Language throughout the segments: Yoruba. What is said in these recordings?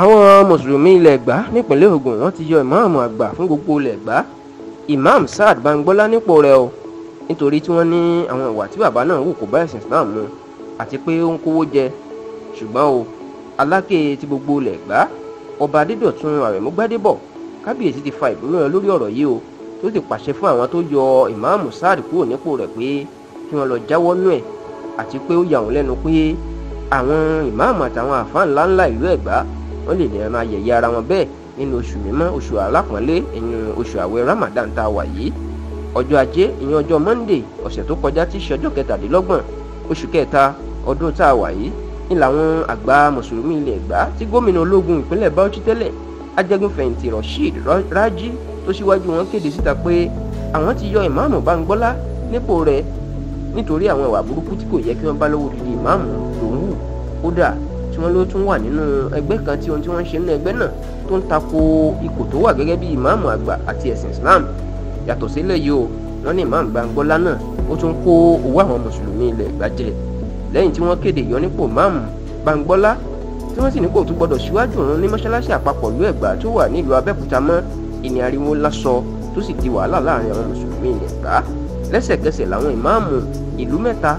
àwọn mùsùlùmí ilẹ̀ ẹ̀gbá nípínlẹ̀ Ògùn wọ́n ti yọ ìmáàmù àgbà fún gbogbo ilẹ̀ ẹ̀gbá imam saad bangbọ́lá nípò rẹ̀ o nítorí tí wọ́n ní àwọn ìwà tí bàbá náà wù kó bá ẹ̀sìn islam mu àti pé ó ń kówó jẹ ṣùgbọ́n o aláké ti gbogbo ilẹ̀ ẹ̀gbá ọba adédọ̀tun àrẹ̀mú gbádébọ̀ kábíyèsí ti fa ìbínú rẹ̀ lórí ọ̀rọ̀ yìí o tó ti pàṣẹ fún àwọn tó yọ imam saad kúrò nípò rẹ̀ pé kí wọ́n lọ jáwọ́ nú ẹ̀ àti pé ó yà wọ́n lẹ́nu pé àwọn imam àtàwọn àfa ńláńlá ìlú ẹ̀gbá wọ́n lè lè máa yẹ̀yẹ́ ara wọn bẹ́ẹ̀ nínú oṣù mímọ́ oṣù alápọ̀nlé ẹ̀yìn oṣù àwẹ̀ Ramadan tá a wà yìí ọjọ́ ajé ìyẹn ọjọ́ Monday ọ̀sẹ̀ tó kọjá tí í ṣe ọjọ́ kẹtàdínlọ́gbọ̀n oṣù kẹta ọdún tá a wà yìí ní làwọn àgbà mùsùlùmí ilẹ̀ Ẹ̀gbá tí gómìnà ológun ìpínlẹ̀ Bauchi tẹ́lẹ̀ ajẹ́gunfẹ̀yìntì Rasheed Raji tó síwájú wọn kéde síta pé àwọn ti yọ ìmáàmù Báńgbọ́lá nípò rẹ̀ nítorí àwọn ìwà burúkú tí kò yẹ kí wọ́n bá lọ́wọ́ odidi ìmáàmù lòún hù kódà tí wọ́n ló tún wà nínú ẹgbẹ́ kan tí ohun tí wọ́n ń ṣe nínú ẹgbẹ́ náà tó ń tako ipò tó wà gẹ́gẹ́ bí ìmáàmù àgbà àti ẹ̀sìn Islam yàtọ̀ sílẹ̀ yìí o wọ́n ní ìmáàmù Gbàngbọ́lá náà ó tún kó owó àwọn mùsùlùmí ilẹ̀ ìgbàjẹ́ lẹ́yìn tí wọ́n kéde ìyọnípò máàmù Gbàngbọ́lá tí wọ́n sì ní kò tún gbọdọ̀ síwájú òun ní mọ́ṣáláṣí àpapọ̀ ìlú Ẹ̀gbá tó wà nílùú Abẹ́òkúta mọ́ ìní ariwo lásọ tó sì di wàhálà láàrin àwọn mùsùlùmí ilẹ̀ Ẹ̀gbá lẹ́sẹ̀kẹsẹ̀ làwọn ìmáàmù ìlú mẹ́ta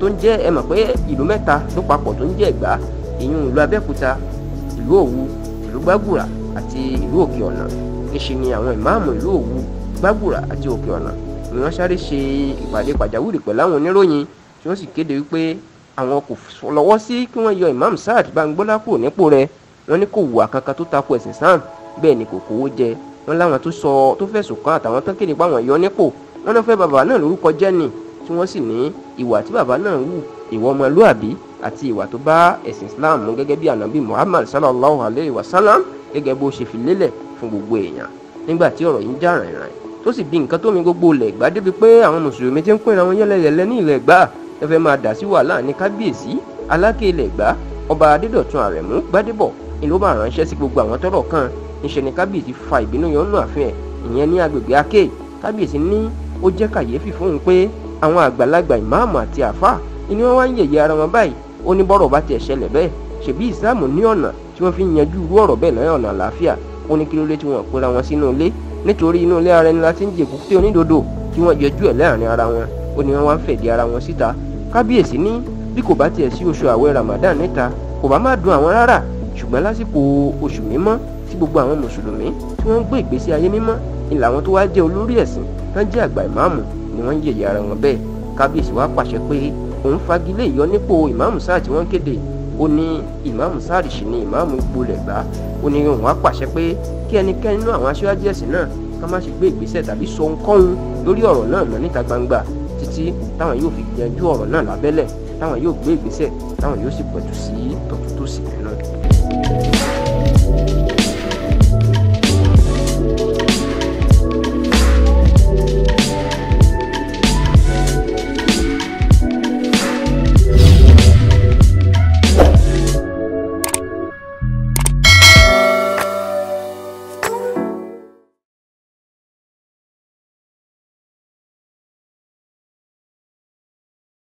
tó ń jẹ́ ẹ mọ̀ pé ìlú mẹ́ta ló papọ̀ tó ń jẹ́ Ẹ̀gbá ìyún ìlú abẹ́òkúta ìlú òwu ìlú gbàgùrà àti ìlú òkè ọ̀nà níṣe ni àwọn ìmáàmù ìlú òwu gbàgùrà àti òkè ọ̀nà ni wọ́n sáré ṣe ìpàdé pàjáwìrì pẹ̀lú àwọn oníròyìn tí wọ́n sì kéde wípé àwọn kò lọ́wọ́ sí kí wọ́n yọ imam saad bangbọ́lá kúrò nípò rẹ̀ wọ́n ní kò wù àkànkàn tó tako ẹ̀sìn islam bẹ́ẹ̀ ni kò kówó jẹ wọ́n láwọn tó sọ tó fẹ̀sùn kàn àtàwọn tán kéde páwọn yọ nípò wọ́n lọ fẹ́ bàbá náà lórúkọ jẹ́ nì tí wọ́n sì ní ìwà tí bàbá náà wù ìwà ọmọlúàbí àti ìwà tó bá ẹ̀sìn islam mu gẹ́gẹ́ bí anabi muhammad sallallahu alayhi wa sallam gẹ́gẹ́ bó ṣe fi lélẹ̀ fún gbogbo èèyàn nígbà tí ọ̀rọ̀ yìí ń jà rìnrìn tó sì bí nǹkan tó mi gbogbo ilẹ̀ Ẹ̀gbá débi pé àwọn mùsùlùmí ti ń pín àwọn yẹlẹyẹlẹ ní ilẹ̀ Ẹ̀gbá ẹ fẹ́ máa dà sí wàhálà ní kábíyèsí aláké ilẹ̀ Ẹ̀gbá ọba adédọ̀tun àrẹ̀mú gbádébọ̀ ni ló bá ránṣẹ́ sí gbogbo àwọn tọ́rọ̀ kan níṣẹ́ ni kábíyèsí fa ìbínú yọnu àfihàn ìyẹn ní agbègbè aké kábíyèsí ní ó jẹ́ kàyéfì fóun pé àwọn àgbàlagbà ìmáàmù àti àfà ni wọ́n wá ń yẹ̀yẹ́ ara wọn báyìí ó ní bọ́rọ̀ bá tiẹ̀ ṣẹlẹ̀ bẹ́ẹ̀ ṣèbí ìsìláàmù ní ọ̀nà tí wọ́n fi ń yanjú irú ọ̀rọ̀ bẹ́ẹ̀ lọ́yọ̀ ọ̀nà àlàáfíà ó ní kí ló dé tí wọ́n pera wọn sínú ilé nítorí inú ilé ara ẹni la ti ń jèkú tí onídodo kí wọ́n yẹjú ẹ̀ láàrin ara wọn ó ní wọ́n wá ń fẹ̀dí ara wọn síta kábíyèsí ní bí kò bá tiẹ̀ sí oṣù àwẹ̀ Ramadan níta kò bá má dùn àwọn rárá ṣùgbọ́n lásìkò oṣù mímọ́ tí gbogbo àwọn mùsùlùmí tí wọ́n ń gbé ìgbésí ayé mímọ́ ni làwọn tó wá jẹ́ olórí ẹ̀sìn tán jẹ́ àgbà ìmáàmù ni wọ́n ń yẹ̀yẹ́ ara wọn bẹ́ẹ̀ kábíyèsí wá pàṣẹ pé òun fagilé ìyọnípò ìmáàmù sáà tí wọ́n kéde ó ní ìmáàmù sáàdì sì ni ìmáàmù gbolẹ̀ gbá ó ní òun á pàṣẹ pé kí ẹnikẹ́ni nínú àwọn aṣáájú ẹ̀sìn náà ká má ṣe gbé ìgbésẹ̀ tàbí sọ ohunkóhun lórí ọ̀rọ̀ náà lọ níta gbangba títí táwọn yóò fi yanjú ọ̀rọ̀ náà lábẹ́lẹ̀ táwọn yóò gbé ìgbésẹ̀ táwọn yóò sì pẹ̀tù sí tọ̀tù tó sì náà.